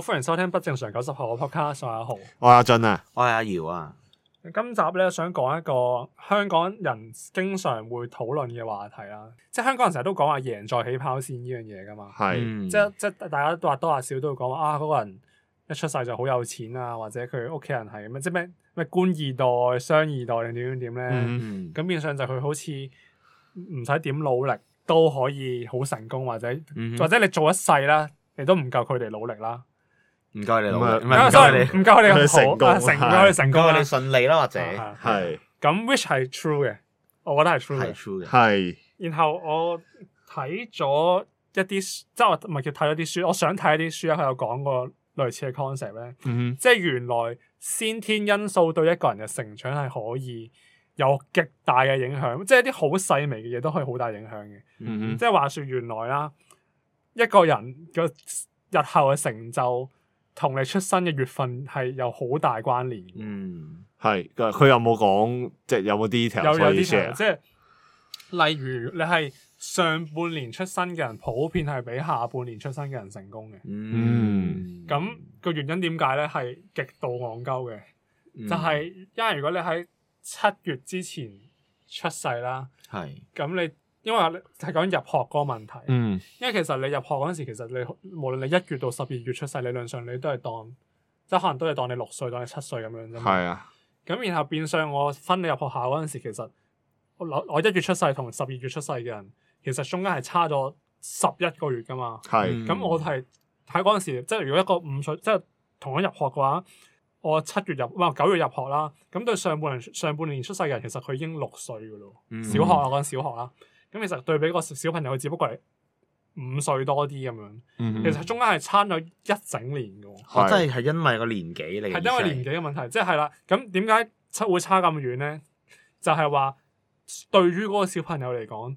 歡迎收聽不正常九十後嘅 podcast，我係阿豪，我係阿俊啊，我係阿堯啊。今集咧，想講一個香港人經常會討論嘅話題啦，即係香港人成日都講話贏在起跑綫呢樣嘢噶嘛，係是，即係即係大家都話多啊少都會講啊，嗰個人一出世就好有錢啊，或者佢屋企人係咁啊，即係咩咩官二代、商二代定點點點咧，咁變相就佢好似唔使點努力都可以好成功，或者嗯嗯或者你做一世啦，你都唔夠佢哋努力啦。唔該你，唔係唔係 sorry，唔該你成哥，成個你成哥，你順利啦或者係。咁 which 係 true 嘅，我覺得係 true 嘅，係。然後我睇咗一啲，即係我唔係叫睇咗啲書，我想睇一啲書咧，佢有講過類似嘅 concept 咧，即係原來先天因素對一個人嘅成長係可以有極大嘅影響，即係一啲好細微嘅嘢都可以好大影響嘅，即係話說原來啦，一個人個日後嘅成就。同你出生嘅月份係有好大關聯。嗯，係。佢有冇講、就係、即係有冇 detail？有有啲 detail 即係例如你係上半年出生嘅人，普遍係比下半年出生嘅人成功嘅。嗯，咁個、嗯、原因點解咧？係極度戇鳩嘅。嗯、就係、係、因為如果你喺七月之前出世啦，係咁係你。因為係講入學嗰個問題，嗯、因為其實你入學嗰陣時，其實你無論你一月到十二月出世，理論上你都係當即係可能都係當你六歲、當你七歲咁樣啫嘛。咁、啊、然後變相我分你入學校嗰陣時，其實我一月出世同十二月出世嘅人，其實中間係差咗十一個月噶嘛。咁係、嗯、我係喺嗰陣時，即係如果一個五歲，即係同我入學嘅話，我七月入、哦、九月入學啦。咁對上半年上半年出世嘅人，其實佢已經六歲噶咯，嗯、小學啊講小學啦。咁其實對比個小朋友，佢只不過係五歲多啲咁樣，嗯、哼其實中間係差咗一整年嘅。我真係係因為個年紀嚟，係因為年紀嘅問題，即係啦。咁點解差會差咁遠咧？就係、是、話對於嗰個小朋友嚟講，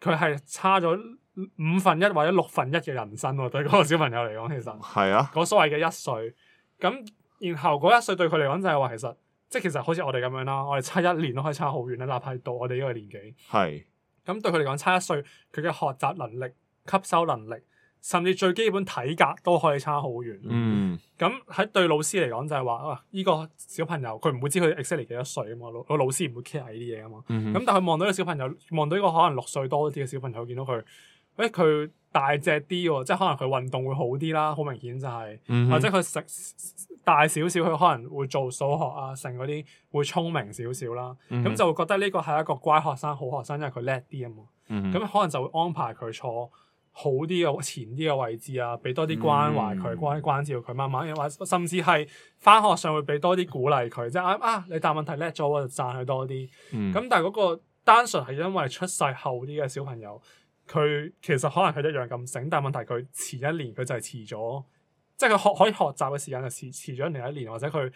佢係差咗五分一或者六分一嘅人生喎。對嗰個小朋友嚟講，其實係啊，嗰的所謂嘅一歲咁，然後嗰一歲對佢嚟講就係話，其實即係其實好似我哋咁樣啦，我哋差一年都可以差好遠啦。哪怕到我哋呢個年紀，係。咁對佢嚟講，差一歲，佢嘅學習能力、吸收能力，甚至最基本體格都可以差好遠。嗯，咁喺對老師嚟講就係話，啊，依個小朋友佢唔會知佢 exactly 幾多歲啊嘛，個老師唔會 care 呢啲嘢啊嘛。咁但係望到呢個小朋友，望到一個可能六歲多啲嘅小朋友，見到佢。誒佢、欸、大隻啲喎、哦，即係可能佢運動會好啲啦，好明顯就係、是，嗯、哼或者佢食大少少，佢可能會做數學啊，成嗰啲會聰明少少啦，咁、嗯、哼就會覺得呢個係一個乖學生、好學生，因為佢叻啲啊嘛，咁、嗯、哼可能就會安排佢坐好啲嘅前啲嘅位置啊，俾多啲關懷佢、嗯、關關照佢，慢慢又話甚至係返學上會俾多啲鼓勵佢，即係啊啊！你答問題叻咗，我就讚佢多啲，咁、嗯、但係嗰個單純係因為出世後啲嘅小朋友。佢其實可能佢一樣咁醒，但係問題佢遲一年佢就係遲咗，即係佢學可以學習嘅時間就遲遲咗一年一年，或者佢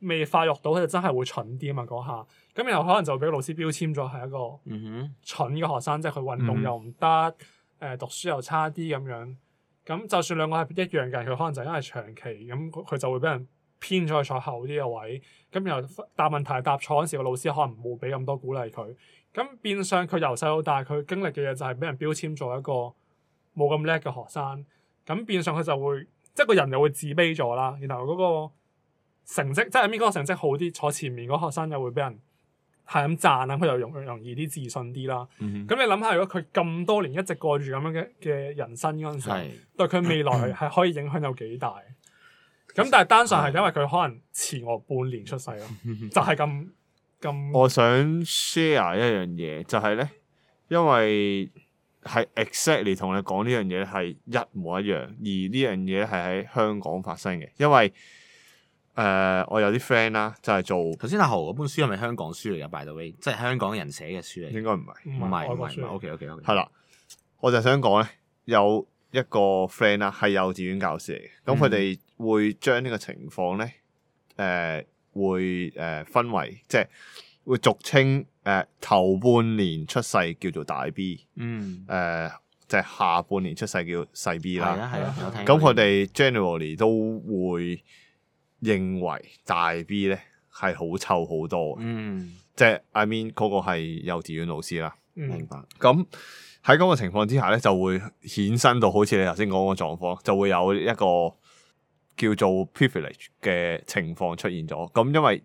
未發育到，佢就真係會蠢啲啊嘛嗰下。咁然後可能就俾老師標籤咗係一個蠢嘅學生，mm hmm. 即係佢運動又唔得，誒、mm hmm. 讀書又差啲咁樣。咁就算兩個係一樣嘅，佢可能就因為長期咁佢就會俾人。偏咗去坐後啲嘅位，咁然後答問題答錯嗰時，個老師可能唔會俾咁多鼓勵佢。咁變相佢由細到大，佢經歷嘅嘢就係俾人標籤咗一個冇咁叻嘅學生。咁變相佢就會即係個人又會自卑咗啦。然後嗰個成績，即係邊個成績好啲，坐前面嗰學生又會俾人係咁讚啦。佢就容容易啲自信啲啦。咁、嗯、哼你諗下，如果佢咁多年一直過住咁樣嘅嘅人生嗰陣時，是對佢未來係可以影響有幾大？咁但係單純係因為佢可能遲我半年出世咯， 就係咁咁。我想 share 一樣嘢，就係咧，因為係 exactly 同你講呢樣嘢係一模一樣，而呢樣嘢係喺香港發生嘅。因為誒、呃，我有啲 friend 啦、啊，就係、是、做頭先阿豪嗰本書係咪香港書嚟嘅？By the way，即係香港人寫嘅書嚟。應該唔係，唔係是，唔係是。OK OK OK。係、okay, okay , okay. 啦，我就想講咧，有。一個 friend 啦，係幼稚園教師嚟嘅，咁佢哋會將呢個情況咧，誒、呃，會誒、呃、分為，即係會俗稱誒、呃、頭半年出世叫做大 B，嗯，誒、呃，即係下半年出世叫細 B 啦，係啊，係啊，咁佢哋 generally 都會認為大 B 咧係好臭好多嘅，嗯，即係 I mean 嗰個係幼稚園老師啦，嗯、明白，咁。喺咁嘅情況之下咧，就會衍生到好似你頭先講嘅狀況，就會有一個叫做 privilege 嘅情況出現咗。咁因為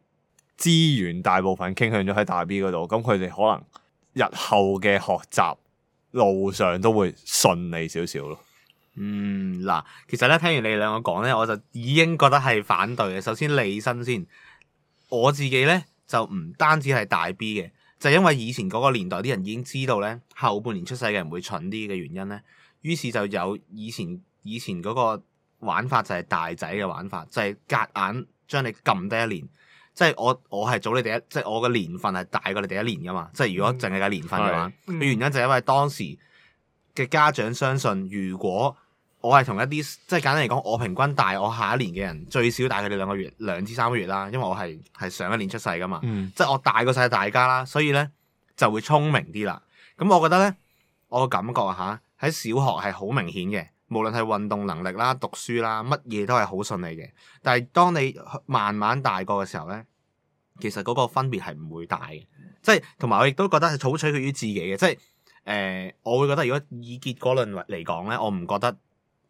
資源大部分傾向咗喺大 B 嗰度，咁佢哋可能日後嘅學習路上都會順利少少咯。嗯，嗱，其實咧聽完你兩個講咧，我就已經覺得係反對嘅。首先，你先先，我自己咧就唔單止係大 B 嘅。就因為以前嗰個年代啲人已經知道咧，後半年出世嘅人會蠢啲嘅原因咧，於是就有以前以前嗰個玩法就係大仔嘅玩法，就係、是、夾硬將你撳低一年。即、就、係、是、我我係早你第一，即、就、係、是、我嘅年份係大過你第一年噶嘛。即、就、係、是、如果淨係計年份嘅話，嘅、嗯、原因就係因為當時嘅家長相信如果。我係同一啲，即係簡單嚟講，我平均大我下一年嘅人最少大佢哋兩個月，兩至三個月啦，因為我係係上一年出世㗎嘛，嗯、即係我大過晒大家啦，所以咧就會聰明啲啦。咁、嗯、我覺得咧，我嘅感覺啊吓喺小學係好明顯嘅，無論係運動能力啦、讀書啦，乜嘢都係好順利嘅。但係當你慢慢大個嘅時候咧，其實嗰個分別係唔會大嘅，即係同埋我亦都覺得係好取決於自己嘅，即係誒、呃，我會覺得如果以結果論嚟講咧，我唔覺得。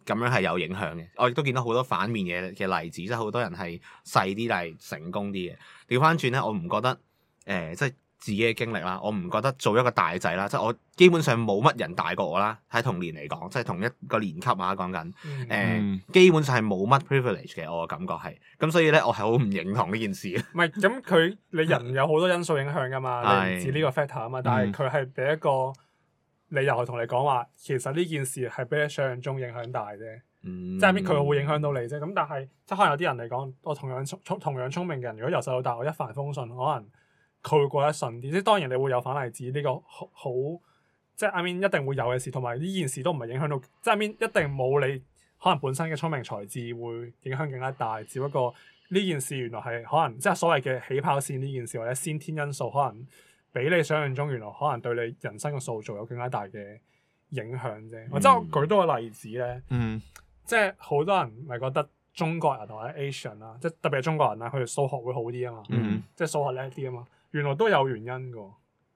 咁樣係有影響嘅，我亦都見到好多反面嘅嘅例子，即係好多人係細啲但係成功啲嘅。調翻轉咧，我唔覺得誒、呃，即係自己嘅經歷啦，我唔覺得做一個大仔啦，即係我基本上冇乜人大過我啦。喺同年嚟講，即係同一個年級啊，講緊誒，嗯、基本上係冇乜 privilege 嘅。我嘅感覺係，咁所以咧，我係好唔認同呢件事，唔係，咁佢、嗯、你人有好多因素影響噶嘛，唔止呢個 factor 啊嘛，嗯、但係佢係畀一個。理由你又係同你講話，其實呢件事係比你想象中影響大啫。嗯、即係邊佢會影響到你啫？咁但係即係可能有啲人嚟講，我同樣聰聰同樣聰明嘅人，如果由細到大我一帆風順，可能佢會過得順啲。即係當然你會有反例子呢、呢個好即係 I mean 一定會有嘅事。同埋呢件事都唔係影響到，即係 I mean 一定冇你可能本身嘅聰明才智會影響更加大。只不過呢件事原來係可能即係所謂嘅起跑線呢件事或者先天因素可能。比你想象中，原來可能對你人生嘅塑造有更加大嘅影響啫。嗯、或者我舉多個例子咧，嗯、即係好多人咪覺得中國人或者 Asian 啦，即係特別係中國人啦，佢哋數學會好啲啊嘛，嗯、即係數學叻啲啊嘛。原來都有原因嘅，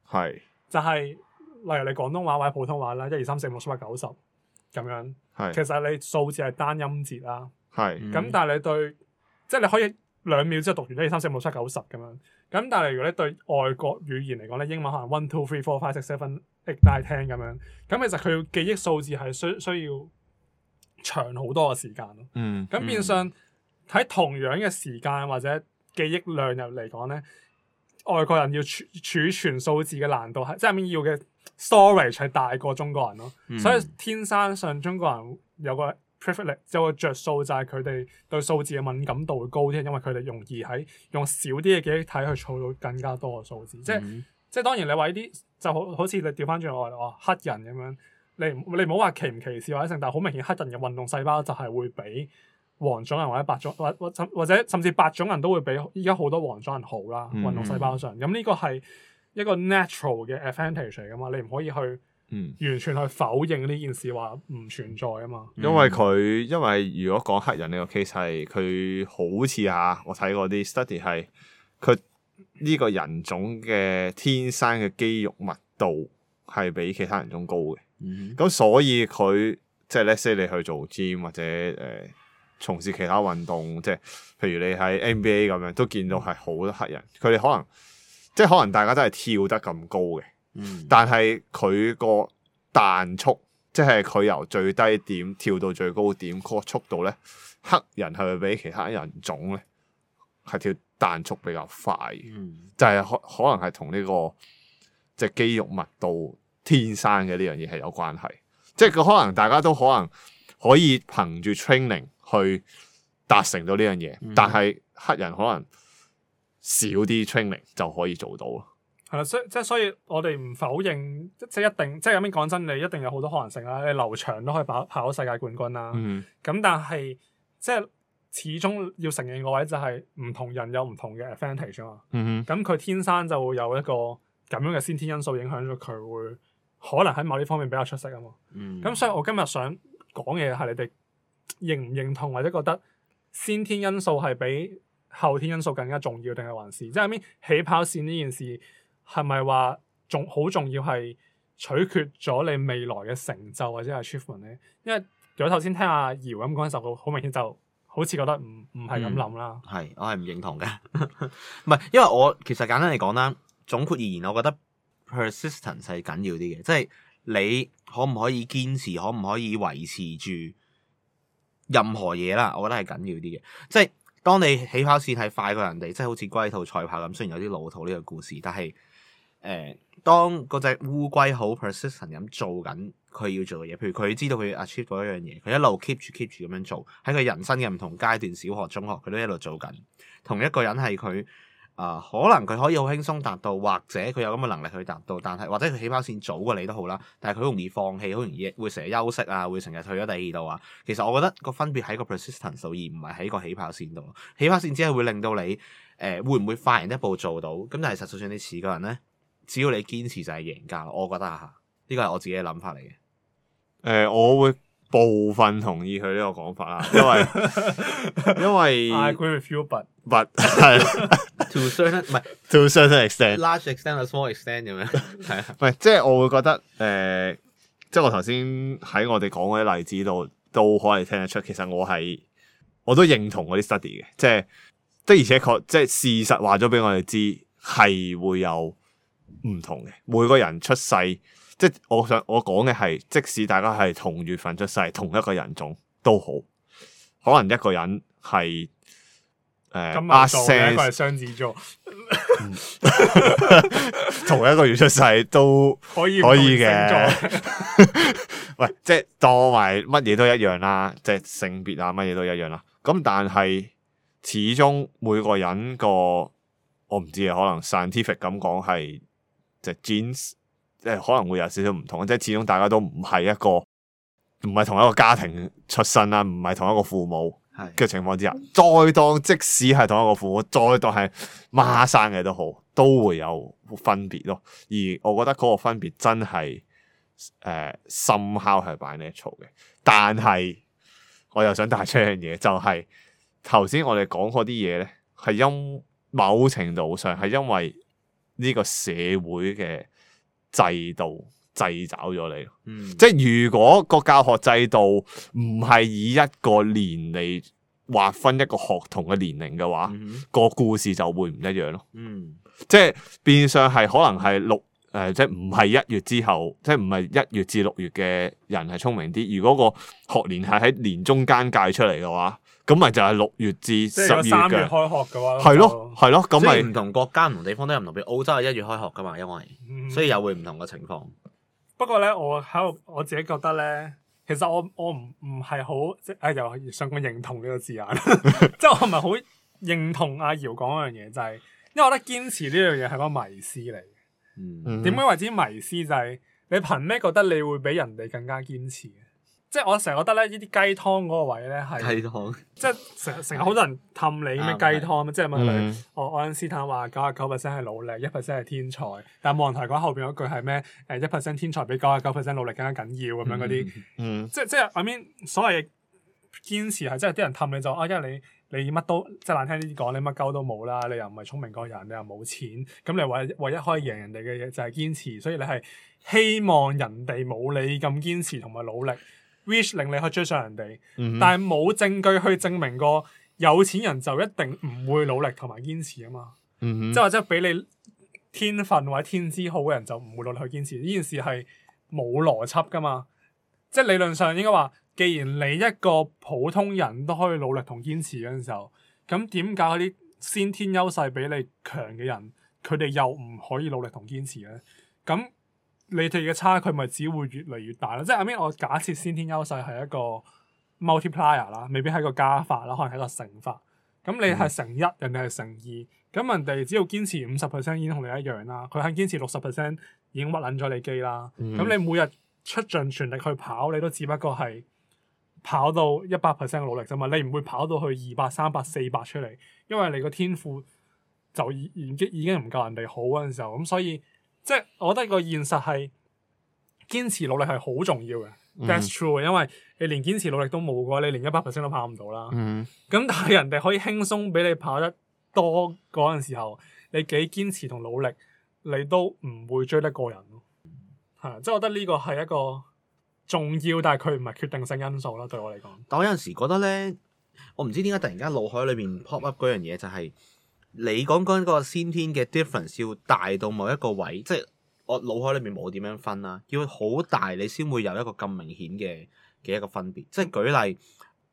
係是就係例如你廣東話或者普通話啦，一二三四五六七八九十咁樣，是其實你數字係單音節啦、啊，係咁、嗯、但係你對即係你可以。兩秒之後讀完一二三四五六七九十咁樣，咁但係如果咧對外國語言嚟講咧，英文可能 one two three four five six seven eight nine ten 咁樣，咁其實佢記憶數字係需需要長好多嘅時間咯。嗯，咁變相喺、嗯、同樣嘅時間或者記憶量入嚟講咧，外國人要儲儲存數字嘅難度係即係要嘅 storage 係大過中國人咯，嗯、所以天生上中國人有個。prefer 咧，即係我著數就係佢哋對數字嘅敏感度會高啲，因為佢哋容易喺用少啲嘅記憶體去儲到更加多嘅數字。嗯、即係即係當然你話呢啲就好好似你調翻轉我話黑人咁樣，你你唔好話歧唔歧視或者剩，但係好明顯黑人嘅運動細胞就係會比黃種人或者白種或或或者甚至白種人都會比依家好多黃種人好啦，嗯、運動細胞上。咁、嗯、呢、嗯、個係一個 natural 嘅 advantage 嚟噶嘛，你唔可以去。嗯，完全係否認呢件事話唔存在啊嘛，嗯、因為佢，因為如果講黑人呢個 case 係佢好似吓，我睇過啲 study 係佢呢個人種嘅天生嘅肌肉密度係比其他人種高嘅，咁、嗯、所以佢即係 let's say 你去做 gym 或者誒呃、從事其他運動，即係譬如你喺 NBA 咁樣都見到係好多黑人，佢哋、嗯、可能即係可能大家都係跳得咁高嘅。但係佢個彈速，即係佢由最低點跳到最高點嗰個速度咧，黑人係咪比其他人種咧係跳彈速比較快，嗯，就這個？就係可可能係同呢個即係肌肉密度天生嘅呢樣嘢係有關係。即係佢可能大家都可能可以憑住 training 去達成到呢樣嘢，嗯、但係黑人可能少啲 training 就可以做到咯。係啦，所以即係所以我哋唔否認，即係一定，即係咁樣講真，你一定有好多可能性啦。你劉翔都可以跑跑世界冠軍啦。咁、mm hmm. 但係即係始終要承認個位就係唔同人有唔同嘅 advantage 啊嘛。咁佢、mm hmm. 天生就會有一個咁樣嘅先天因素影響咗佢，會可能喺某啲方面比較出色啊嘛。咁、mm hmm. 所以我今日想講嘅係你哋認唔認同或者覺得先天因素係比後天因素更加重要，定係還是即係咁樣起跑線呢件事？係咪話仲好重要係取決咗你未來嘅成就或者係 achievement 咧？因為如果頭先聽阿姚咁講嗰陣，就好明顯就好似覺得唔唔係咁諗啦。係、嗯，我係唔認同嘅。唔係，因為我其實簡單嚟講啦，總括而言，我覺得 persistence 係緊要啲嘅。即係你可唔可以堅持，可唔可以維持住任何嘢啦？我覺得係緊要啲嘅。即係當你起跑線係快過人哋，即係好似龜兔賽跑咁。雖然有啲老土呢個故事，但係。誒，當嗰隻烏龜好 persistent 咁做緊佢要做嘅嘢，譬如佢知道佢要 achieve 嗰一樣嘢，佢一路 keep 住 keep 住咁樣做，喺佢人生嘅唔同階段，小學、中學，佢都一路做緊。同一個人係佢啊，可能佢可以好輕鬆達到，或者佢有咁嘅能力去達到，但係或者佢起跑線早過你都好啦。但係佢好容易放棄，好容易會成日休息啊，會成日退咗第二度啊。其實我覺得個分別喺個 persistent 度，而唔係喺個起跑線度。起跑線只係會令到你誒、呃，會唔會快人一步做到？咁但係實際上你似嘅人咧？只要你堅持就係贏家，我覺得啊，呢個係我自己嘅諗法嚟嘅。誒、呃，我會部分同意佢呢個講法啦，因為 因為 I can't refute but but 係 to certain 唔係 to certain extent large extent small extent 咁樣係，唔係即係我會覺得誒、呃，即係我頭先喺我哋講嗰啲例子度都可以聽得出，其實我係我都認同嗰啲 study 嘅，即係即係的而且確即係事實話咗俾我哋知係會有。唔同嘅，每個人出世，即係我想我講嘅係，即使大家係同月份出世，同一個人種都好，可能一個人係誒阿星係雙子座， 同一個月出世都可以可以嘅。喂， 即係當埋乜嘢都一樣啦，即係性別啊乜嘢都一樣啦。咁但係始終每個人個我唔知啊，可能 scientific 咁講係。即係可能會有少少唔同，即係始終大家都唔係一個唔係同一個家庭出身啦，唔係同一個父母嘅情況之下，的再當即使係同一個父母，再當係孖生嘅都好，都會有分別咯。而我覺得嗰個分別真係誒深刻係擺喺 natural 嘅。但係我又想帶出一樣嘢，就係頭先我哋講嗰啲嘢咧，係因某程度上係因為。呢個社會嘅制度制找咗你，嗯、即係如果個教學制度唔係以一個年嚟劃分一個學童嘅年齡嘅話，嗯、個故事就會唔一樣咯、嗯呃。即係變相係可能係六誒，即係唔係一月之後，即係唔係一月至六月嘅人係聰明啲。如果個學年係喺年中間界出嚟嘅話。咁咪就係六月至十月開學嘅，係咯，係咯，咁咪唔同國家唔同地方都有唔同。譬如澳洲係一月開學噶嘛，因為所以又會唔同嘅情況。嗯、不過咧，我喺度我自己覺得咧，其實我我唔唔係好即係又上個認同呢個字眼，即係我唔係好認同阿堯講嗰樣嘢，就係因為我覺得堅持呢樣嘢係個迷思嚟。嗯，點解為之迷思？就係你憑咩覺得你會比人哋更加堅持？.即係我成日覺得咧，依啲雞湯嗰個位咧係雞湯，即係成成日好多人氹你咩樣，啊、雞湯、啊、即係問你，哦、嗯，愛因斯坦話九十九 percent 係努力，一 percent 係天才，但係冇人台講後邊嗰句係咩？誒一 percent 天才比九十九 percent 努力更加緊要咁樣嗰啲，即係即係 I mean，所謂堅持係即係啲人氹你就啊，因為你你乜都即係難聽啲講，你乜鳩都冇啦，你又唔係聰明過人，你又冇錢，咁你唯一，唯一可以贏人哋嘅嘢就係堅持，所以你係希望人哋冇你咁堅持同埋努力。which 令你去追上人哋，但係冇證據去證明過有錢人就一定唔會努力同埋堅持啊嘛，即係 或者俾你天分或者天資好嘅人就唔會努力去堅持，呢件事係冇邏輯噶嘛。即係理論上應該話，既然你一個普通人都可以努力同堅持嗰陣時候，咁點解嗰啲先天優勢比你強嘅人，佢哋又唔可以努力同堅持咧？咁你哋嘅差距咪只會越嚟越大咯，即係阿 b，我假設先天優勢係一個 multiplier 啦，未必係一個加法啦，可能係一個乘法。咁你係乘一，人哋係乘二，咁人哋只要堅持五十 percent 已經同你一樣啦，佢肯堅持六十 percent 已經屈撚咗你機啦。咁、嗯、你每日出盡全力去跑，你都只不過係跑到一百 percent 嘅努力啫嘛，你唔會跑到去二百、三百、四百出嚟，因為你個天賦就已經已經唔夠人哋好嗰陣時候，咁所以。即係我覺得個現實係堅持努力係好重要嘅、嗯、that's true。因為你連堅持努力都冇嘅話，你連一百 percent 都跑唔到啦。咁、嗯、但係人哋可以輕鬆俾你跑得多嗰陣時候，你幾堅持同努力，你都唔會追得過人。係，即係我覺得呢個係一個重要，但係佢唔係決定性因素啦。對我嚟講，但我有陣時覺得咧，我唔知點解突然間腦海裏面 pop up 嗰樣嘢就係、是。你講緊嗰個先天嘅 difference 要大到某一個位，即我腦海裏面冇點樣分啦，要好大你先會有一個咁明顯嘅嘅一個分別。即係舉例，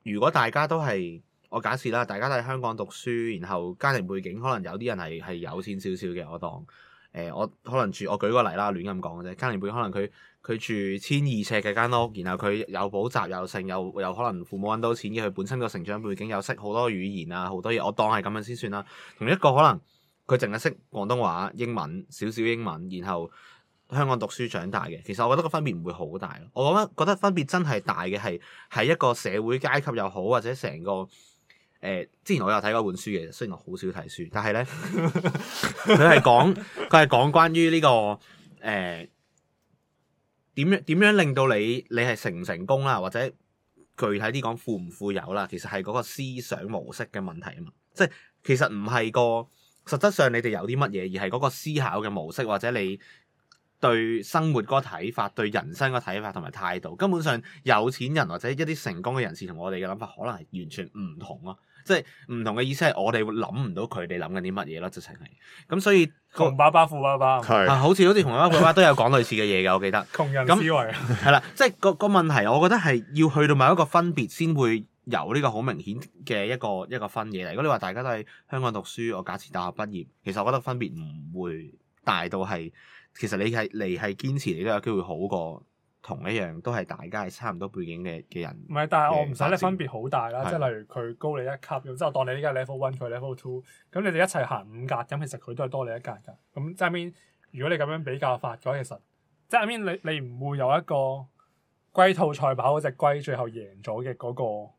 如果大家都係我假設啦，大家都喺香港讀書，然後家庭背景可能有啲人係係有錢少少嘅，我當誒、呃、我可能住我舉個例啦，亂咁講嘅啫，家庭背景可能佢。佢住千二尺嘅間屋，然後佢有補習，有剩，又有可能父母揾到錢嘅，佢本身個成長背景又識好多語言啊，好多嘢，我當係咁樣先算啦。同一個可能佢淨係識廣東話、英文少少英文，然後香港讀書長大嘅，其實我覺得個分別唔會好大。我覺得覺得分別真係大嘅係喺一個社會階級又好，或者成個誒、呃，之前我有睇過一本書嘅，雖然我好少睇書，但係咧佢係講佢係講關於呢、呢個誒。呃點樣點樣令到你你係成唔成功啦、啊，或者具體啲講富唔富有啦、啊，其實係嗰個思想模式嘅問題啊嘛，即係其實唔係個實質上你哋有啲乜嘢，而係嗰個思考嘅模式或者你對生活嗰個睇法、對人生個睇法同埋態度，根本上有錢人或者一啲成功嘅人士同我哋嘅諗法可能係完全唔同咯。即係唔同嘅意思係，我哋會諗唔到佢哋諗緊啲乜嘢咯，直情係咁所以窮爸爸富爸爸是、啊、好似好似窮爸爸富爸爸都有講類似嘅嘢嘅， 我記得咁以思維窮人思維係啦，即係個個問題，我覺得係要去到某一個分別先會有呢個好明顯嘅一個一個分嘢。如果你話大家都喺香港讀書，我假設大學畢業，其實我覺得分別唔會大到係，其實你係嚟係堅持，你都有機會好過。同一樣都係大家係差唔多背景嘅嘅人的，唔係，但係我唔使你分別好大啦，即係的例如佢高你一級，咁即係我當你呢家 level one，佢 level two，咁你哋一齊行五格，咁其實佢都係多你一格㗎。咁即係 I mean，如果你咁樣比較法咗，其實即係 I mean，你你唔會有一個龜兔賽跑嗰隻龜最後贏咗嘅嗰個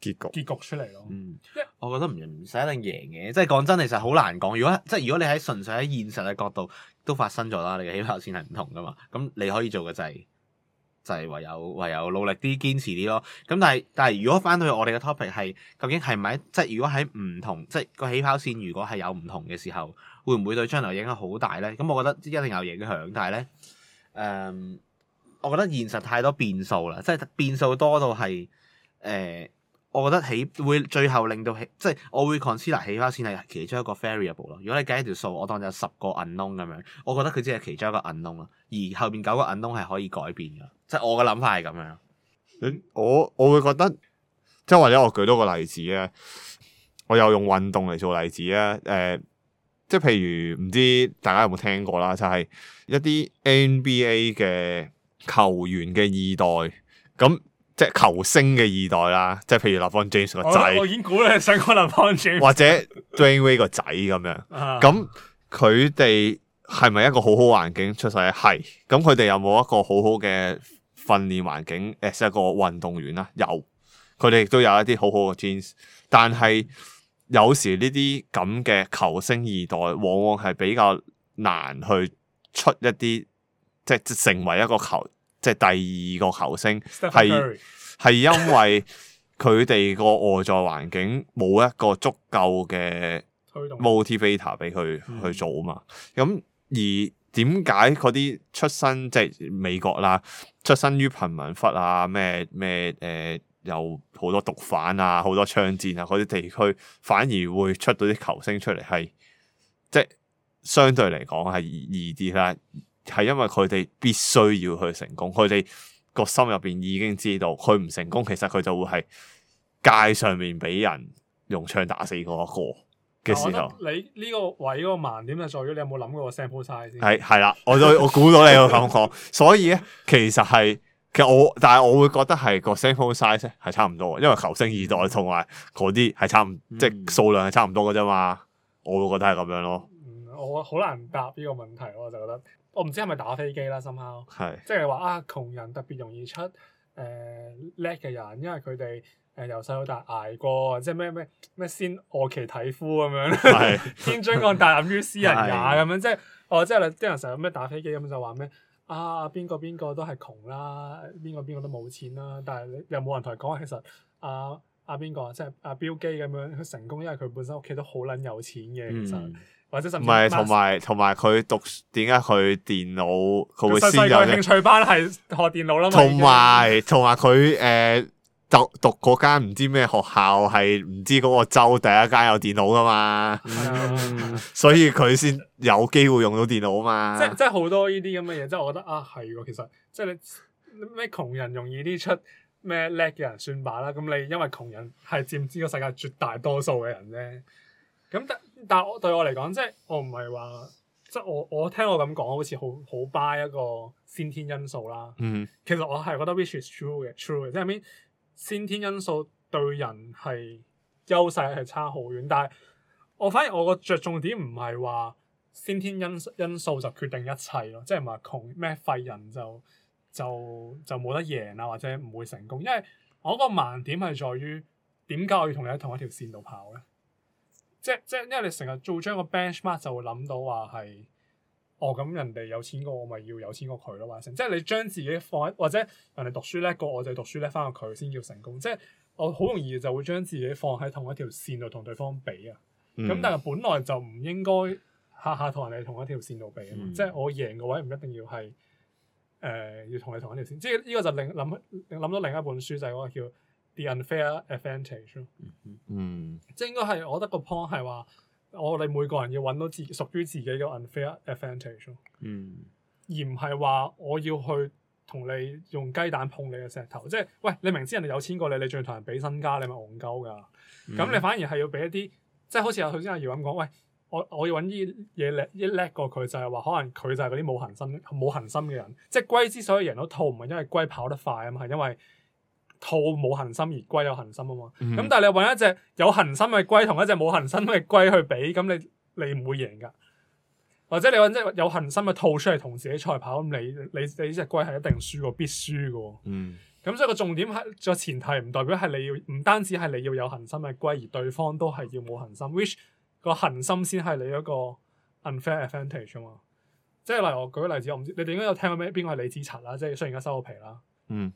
結局結局出嚟咯。嗯、為我覺得唔唔使一定贏嘅，即係講真，其實好難講。如果即係如果你喺純粹喺現實嘅角度都發生咗啦，你嘅起跑線係唔同㗎嘛，咁你可以做嘅就係。就係唯有唯有努力啲，堅持啲咯。咁但係但係，如果翻到去我哋嘅 topic 係究竟係唔係即係如果喺唔同即係個起跑線，如果係有唔同嘅時候，會唔會對將來影響好大咧？咁我覺得一定有影響，但係咧，誒、嗯，我覺得現實太多變數啦，即係變數多到係誒、呃，我覺得起會最後令到起即係我會 consider 起跑線係其中一個 variable 咯。如果你計條數，我當有十個 unknown 咁樣，我覺得佢只係其中一個 unknown 啦，而後面九個 unknown 係可以改變嘅。即係我嘅諗法係咁樣，你我我會覺得，即係或者我舉多個例子咧，我又用運動嚟做例子咧，誒、呃，即係譬如唔知大家有冇聽過啦，就係一啲 NBA 嘅球員嘅二代，咁即係球星嘅二代啦，即係譬如勒布朗 James 個仔，我已估你想講勒布朗 James，或者 Dwyane 個仔咁樣，咁佢哋。 係咪一個好好環境出世？係咁，佢哋有冇一個好好嘅訓練環境？誒、呃，一個運動員啦，有。佢哋亦都有一啲好好嘅天，但係有時呢啲咁嘅球星二代，往往係比較難去出一啲，即係成為一個球，即係第二個球星。係，係因為佢哋個外在環境冇一個足夠嘅 motivator 俾佢推動、嗯、去做啊嘛，咁。而點解嗰啲出身即係美國啦，出身於貧民窟啊，咩咩誒，有好多毒販啊，好多槍戰啊，嗰啲地區反而會出到啲球星出嚟，係即係相對嚟講係易啲啦。係因為佢哋必須要去成功，佢哋個心入邊已經知道，佢唔成功，其實佢就會係街上面俾人用槍打死嗰一個。啊、我覺得你呢個位嗰個盲點就在於，你有冇諗過個 sample size 先？係係啦，我都我估到你個感覺， 所以咧其實係，其實我但係我會覺得係個 sample size 係差唔多，因為球星二代同埋嗰啲係差唔，嗯、即係數量係差唔多噶啫嘛，我會覺得係咁樣咯。嗯、我好難答呢個問題，我就覺得我唔知係咪打飛機啦，深口係即係話啊，窮人特別容易出誒叻嘅人，因為佢哋。誒由細到大捱過，即係咩咩咩先餓其體膚咁樣， 天將降大任於斯人也咁樣， 即係哦，即係啲人成日咩打飛機咁就話咩啊？邊個邊個都係窮啦，邊個邊個都冇錢啦，但係你又冇人同佢講，其實阿阿邊個即係阿 Bill Gates 咁樣佢成功，因為佢本身屋企都好撚有錢嘅，其實、嗯、或者甚至唔係同埋同埋佢讀點解佢電腦佢會先有？其實佢興趣班係學電腦啦。同埋同埋佢誒。讀讀嗰間唔知咩學校係唔知嗰個州第一間有電腦噶嘛， 所以佢先有機會用到電腦嘛。即即好多呢啲咁嘅嘢，即我覺得啊係個其實即你咩窮人容易呢出咩叻嘅人算罷啦。咁你因為窮人係佔呢個世界絕大多數嘅人啫。咁但但對我嚟講，即我唔係話即我我聽我咁講好似好好 buy 一個先天因素啦。嗯，其實我係覺得 which is true 嘅 true 即後邊。先天因素對人係優勢係差好遠，但係我反而我個着重點唔係話先天因素因素就決定一切咯，即係唔係窮咩廢人就就就冇得贏啊，或者唔會成功，因為我個盲點係在於點解我要同你喺同一條綫度跑咧？即係即係因為你成日做張個 benchmark 就會諗到話係。哦，咁人哋有錢過我咪要有錢過佢咯，或者，即係你將自己放喺或者人哋讀書叻過我，就讀書叻翻過佢先叫成功。即係我好容易就會將自己放喺同一條線度同對方比啊。咁、嗯、但係本來就唔應該下下同人哋同一條線度比啊。嗯、即係我贏嘅位唔一定要係誒、呃、要同你同一條線。即係呢個就另諗諗到另一本書就係、是、嗰個叫 The Unfair Advantage 咯。嗯，嗯即係應該係我覺得個 point 係話。我哋每個人要揾到自己屬於自己嘅 unfair advantage，、嗯、而唔係話我要去同你用雞蛋碰你嘅石頭。即係，喂，你明知人哋有錢過你，你仲要同人比身家，你咪戇鳩噶？咁、嗯、你反而係要俾一啲，即係好似阿頭先阿姚咁講，喂，我我要揾啲嘢叻，叻過佢，就係話可能佢就係嗰啲冇恒心、冇恆心嘅人。即係龜之所以贏到兔，唔係因為龜跑得快啊嘛，係因為。兔冇恒心而龜有恒心啊嘛，咁、mm hmm. 但係你揾一隻有恒心嘅龜同一隻冇恒心嘅龜去比，咁你你唔會贏噶。或者你揾一隻有恒心嘅兔出嚟同自己賽跑，咁你你你隻龜係一定輸過必輸噶。嗯、mm，咁、hmm. 所以個重點係個前提，唔代表係你要唔單止係你要有恒心嘅龜，而對方都係要冇恒心、mm hmm.，which 個恒心先係你一個 unfair advantage 啊嘛。即、就、係、是、例如我舉個例子，我唔知你哋應該有聽過咩邊個係李子柒啦，即係雖然而家收咗皮啦，嗯、mm。Hmm.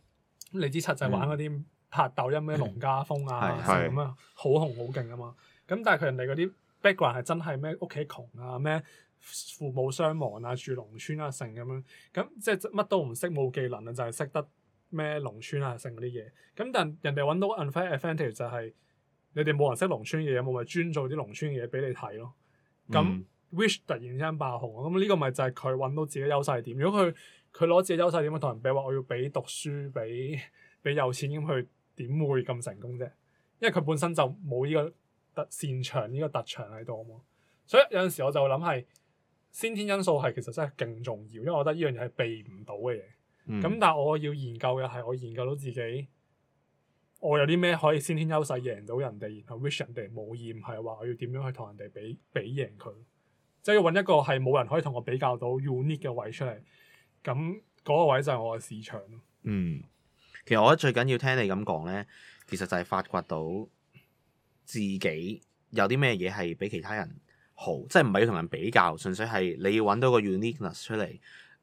你知七仔、就是、玩嗰啲拍抖音咩農家風啊，成咁啊好紅好勁啊嘛！咁但係佢人哋嗰啲 background 係真係咩屋企窮啊，咩父母雙亡啊，住農村啊，剩咁樣，咁即係乜都唔識冇技能啊，就係、是、識得咩農村啊，剩嗰啲嘢。咁但人哋揾到 unfair advantage 就係、是、你哋冇人識農村嘢，有冇咪專做啲農村嘢俾你睇咯。咁嗯、which 突然之間爆紅，咁呢個咪就係佢揾到自己優勢點。如果佢佢攞自己優勢點樣同人比？話我要比讀書，比比有錢咁去，點會咁成功啫？因為佢本身就冇呢個、這個特擅長呢個特長喺度啊嘛。所以有陣時我就諗係先天因素係其實真係勁重要，因為我覺得呢樣嘢係避唔到嘅嘢。咁、嗯、但係我要研究嘅係我研究到自己，我有啲咩可以先天優勢贏到人哋，然後 wish 人哋冇厭，係話我要點樣去同人哋比比贏佢，即、就、係、是、要揾一個係冇人可以同我比較到 unique 嘅位出嚟。咁嗰個位就係我嘅市場咯。嗯，其實我覺得最緊要聽你咁講咧，其實就係發掘到自己有啲咩嘢係比其他人好，即係唔係要同人比較，純粹係你要揾到個 uniqueness 出嚟。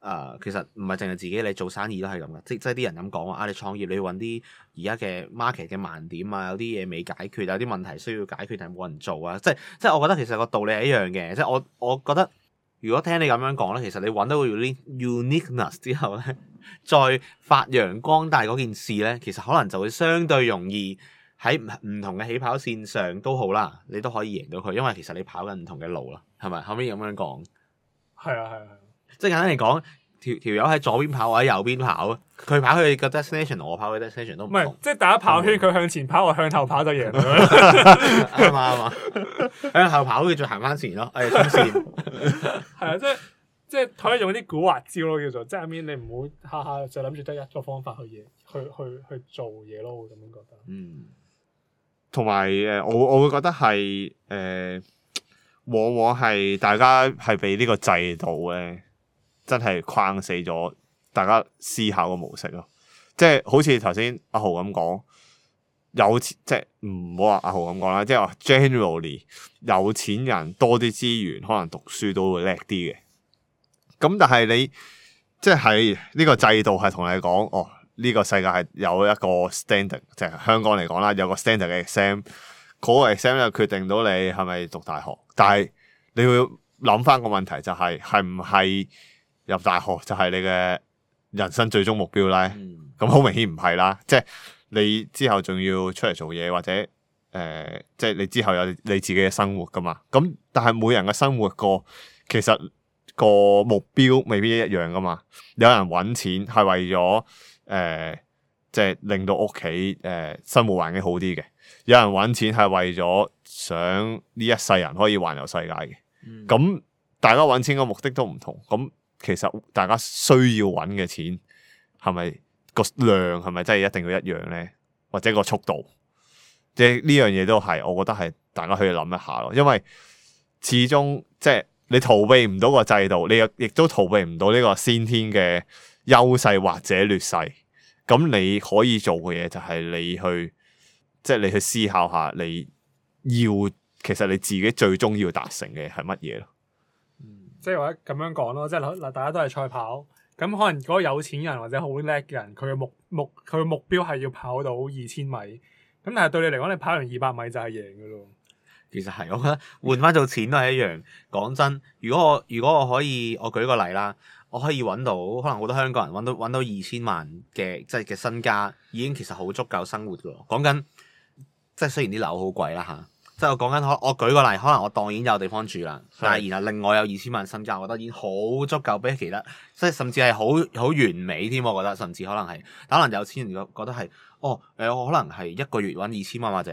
誒、呃，其實唔係淨係自己你做生意都係咁嘅，即即係啲人咁講話啊，你創業你要揾啲而家嘅 market 嘅盲點啊，有啲嘢未解決，有啲問題需要解決，但係冇人做啊？即係即係我覺得其實個道理係一樣嘅，即係我我覺得。如果聽你咁樣講咧，其實你揾到個 uniqueness 之後咧，再發揚光大嗰件事咧，其實可能就會相對容易，喺唔同嘅起跑線上都好啦，你都可以贏到佢，因為其實你跑緊唔同嘅路啦，係咪可唔可以咁樣講？係啊係啊係，啊即係簡單嚟講。條條友喺左邊跑或者右邊跑啊，佢跑去嘅 destination，我跑去 destination 都唔同。唔係，即係大家跑一圈，佢、嗯、向前跑，我向後跑就贏啦。係嘛係嘛，喺後跑佢再行翻、哎、線咯，誒， 中線係啊，即係即係可以用啲古惑招咯，叫做即係 I mean 你唔好下下就諗住得一個方法去嘢去去去，去做嘢咯，咁樣覺得。嗯，同埋誒，我我會覺得係誒、呃，往往係大家係被呢個制度咧。真係框死咗大家思考嘅模式咯，即係好似頭先阿豪咁講，有錢即係唔好話阿豪咁講啦，即係話 generally 有錢人多啲資源，可能讀書都會叻啲嘅。咁但係你即係呢個制度係同你講，哦，呢個世界係有一個 standard，即係香港嚟講啦，有個 standard 嘅 exam，嗰個 exam 就決定到你係咪讀大學。但係你會諗翻個問題就係，係唔係？入大學就係你嘅人生最終目標、嗯、啦。咁好明顯唔係啦，即係你之後仲要出嚟做嘢或者誒，即、呃、係、就是、你之後有你自己嘅生活㗎嘛？咁但係每人嘅生活個其實個目標未必一樣㗎嘛？有人揾錢係為咗誒，即、呃、係、就是、令到屋企誒生活環境好啲嘅；有人揾錢係為咗想呢一世人可以環遊世界嘅。咁、嗯、大家揾錢嘅目的都唔同，咁。其實大家需要揾嘅錢係咪個量係咪真係一定要一樣呢？或者個速度，即係呢樣嘢都係，我覺得係大家可以諗一下咯。因為始終即係你逃避唔到個制度，你又亦都逃避唔到呢個先天嘅優勢或者劣勢。咁你可以做嘅嘢就係你去，即係你去思考下你要，其實你自己最終要達成嘅係乜嘢咯。即係話咁樣講咯，即係嗱，大家都係賽跑，咁可能嗰個有錢人或者好叻嘅人，佢嘅目目佢嘅目標係要跑到二千米，咁但係對你嚟講，你跑完二百米就係贏㗎咯。其實係，我覺得換返做錢都係一樣。講真，如果我如果我可以，我舉個例啦，我可以揾到可能好多香港人揾到揾到二千萬嘅即係嘅身家，已經其實好足夠生活㗎咯。講緊即係雖然啲樓好貴啦吓。即係我講緊我，我舉個例，可能我當已經有地方住啦，但係的然後另外有二千萬身家，我覺得已經好足夠俾其他，即係甚至係好好完美添。我覺得甚至可能係可能有錢人覺覺得係，哦，誒、呃，我可能係一個月搵二千萬或者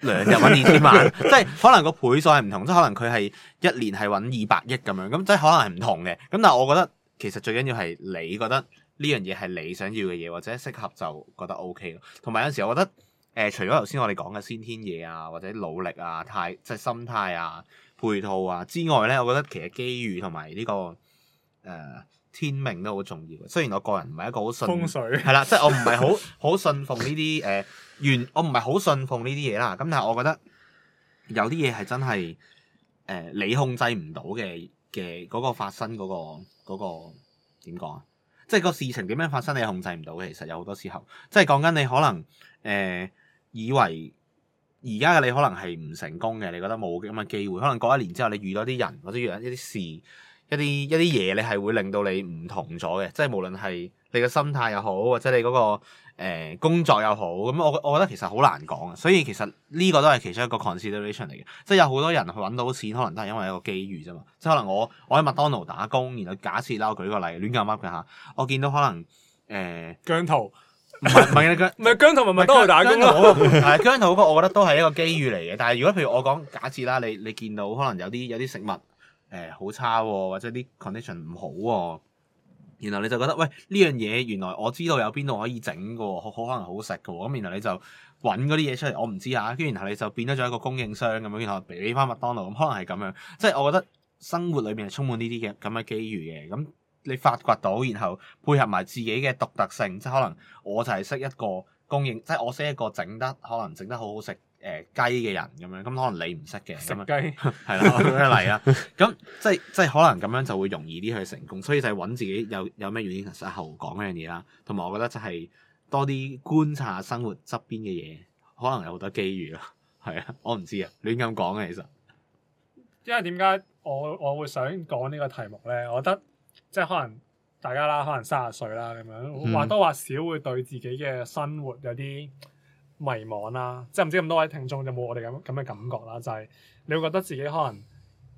兩日搵二千萬， 即係可能個倍數係唔同，即係可能佢係一年係搵二百億咁樣，咁即係可能係唔同嘅。咁但係我覺得其實最緊要係你覺得呢樣嘢係你想要嘅嘢或者適合就覺得 O K 咯。同埋有陣時我覺得。誒、呃，除咗頭先我哋講嘅先天嘢啊，或者努力啊、態即係心態啊、配套啊之外咧，我覺得其實機遇同埋呢個誒、呃、天命都好重要嘅。雖然我個人唔係一個好信風水，係、 呃、啦，即係我唔係好好信奉呢啲誒，原我唔係好信奉呢啲嘢啦。咁但係我覺得有啲嘢係真係誒、呃，你控制唔到嘅嘅嗰個發生嗰、那個嗰、那個點講啊？即係個事情點樣發生，你控制唔到。其實有好多時候，即係講緊你可能誒。呃呃以為而家嘅你可能係唔成功嘅，你覺得冇咁嘅機會。可能過一年之後，你遇到啲人或者遇到一啲事、一啲一啲嘢，你係會令到你唔同咗嘅。即係無論係你嘅心態又好，或者你嗰、嗰個誒、呃、工作又好，咁我我覺得其實好難講。所以其實呢個都係其中一個 consideration 嚟嘅。即係有好多人去揾到錢，可能都係因為一個機遇啫嘛。即係可能我我喺麥當勞打工，然後假設啦，我舉個例，亂咁噏嘅下，我見到可能誒。姜、呃、濤。唔係唔係姜，唔係姜濤咪麥當勞打工咯。係 姜濤嗰個，我覺得都係一個機遇嚟嘅。但係如果譬如我講假設啦，你你見到可能有啲有啲食物誒好、呃、差喎、哦，或者啲 condition 唔好喎、哦，然後你就覺得喂，呢樣嘢原來我知道有邊度可以整嘅喎，好可能好食嘅喎。咁然後你就揾嗰啲嘢出嚟，我唔知呀。跟住然後你就變咗做一個供應商咁樣，然後俾翻麥當勞咁，可能係咁樣。即係我覺得生活裏面係充滿呢啲嘅咁嘅機遇嘅咁。嗯你發掘到，然後配合埋自己嘅獨特性，即係可能我就係識一個供應，即係我識一個整得可能整得好好食誒雞嘅人咁樣，咁可能你唔識嘅，食雞係啦，嚟啦，咁即係即係可能咁樣就會容易啲去成功，所以就係揾自己有有咩原因，其實後講呢樣嘢啦，同埋我覺得就係多啲觀察生活側邊嘅嘢，可能有好多機遇咯，係啊，我唔知啊，亂咁講啊，其實，因為點解我我會想講呢個題目咧？我覺得。即係可能大家啦，可能三十歲啦咁樣，或、嗯、多或少會對自己嘅生活有啲迷茫啦。即係唔知咁多位聽眾有冇我哋咁咁嘅感覺啦？就係、是、你會覺得自己可能誒、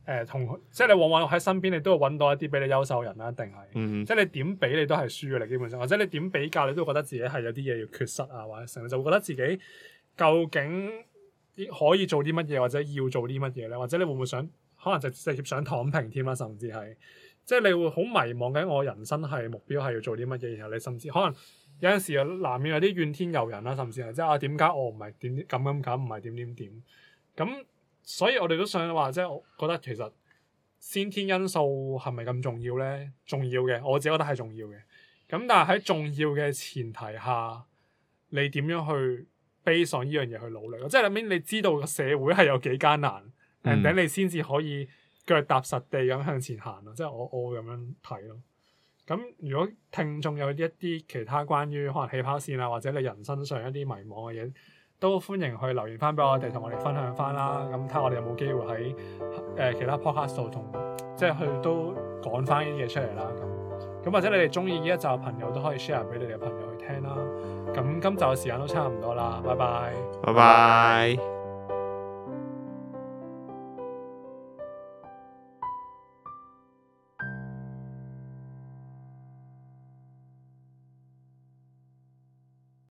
呃、同即係你往往喺身邊，你都會揾到一啲比你優秀嘅人啦，一定係？嗯、即係你點比你都係輸嘅，你基本上，或者你點比較，你都覺得自己係有啲嘢要缺失啊，或者成，就會覺得自己究竟可以做啲乜嘢，或者要做啲乜嘢咧？或者你會唔會想，可能就直、是、接、就是、想躺平添啦，甚至係。即係你會好迷茫緊，我人生係目標係要做啲乜嘢？然後你甚至可能有陣時又難免有啲怨天尤人啦，甚至係即係啊點解我唔係點點咁咁咁唔係點點點？咁所以我哋都想話，即係我覺得其實先天因素係咪咁重要咧？重要嘅，我自己覺得係重要嘅。咁但係喺重要嘅前提下，你點樣去悲 a s 依樣嘢去努力？即係後面你知道個社會係有幾艱難，等等你先至可以。腳踏實地咁向前行啊！即係我我會咁樣睇咯。咁如果聽眾有一啲其他關於可能起跑線啊，或者你人生上一啲迷茫嘅嘢，都歡迎去留言翻俾我哋，同我哋分享翻啦。咁睇下我哋有冇機會喺誒、呃、其他 podcast 度同即係去都講翻呢啲嘢出嚟啦。咁咁或者你哋中意呢一集嘅朋友都可以 share 俾你哋嘅朋友去聽啦。咁今集嘅時間都差唔多啦，拜拜，拜拜。